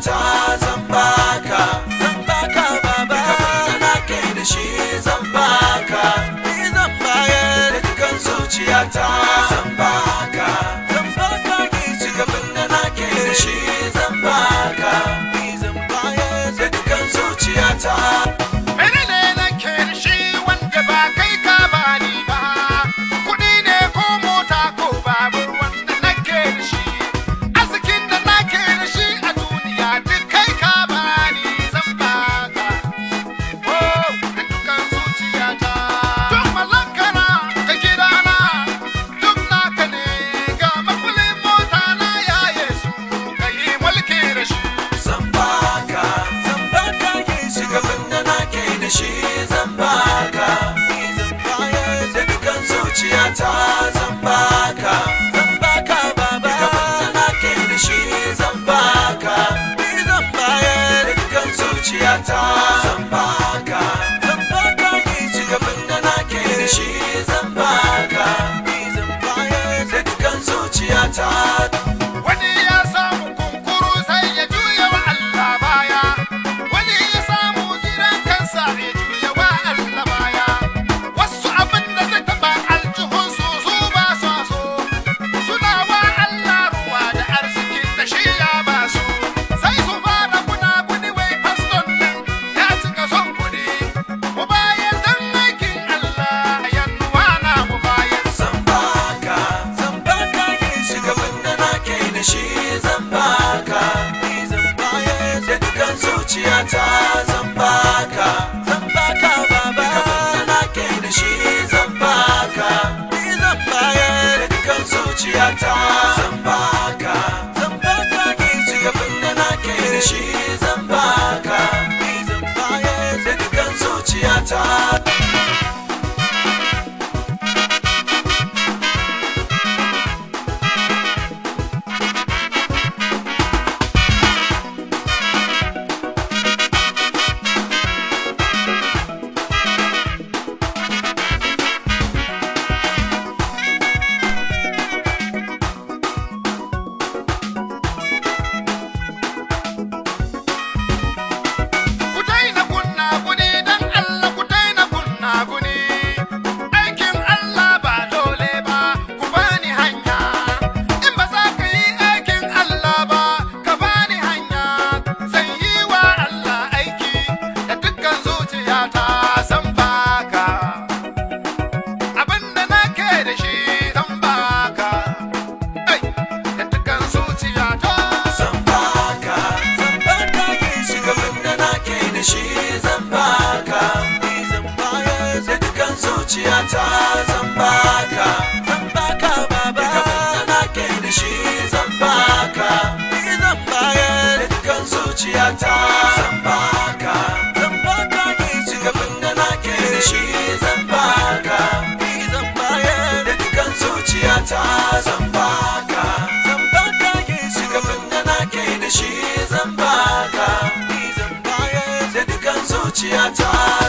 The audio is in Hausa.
time. time. top. shi zan baka da dukkan zuciyata zan baka zan baka baba na ke da shi zan baka zan baya da dukkan zuciyata zan baka zan baka ne shugabin da na ke da shi zan baka zan baya da dukkan zuciyata zan baka Chiatai.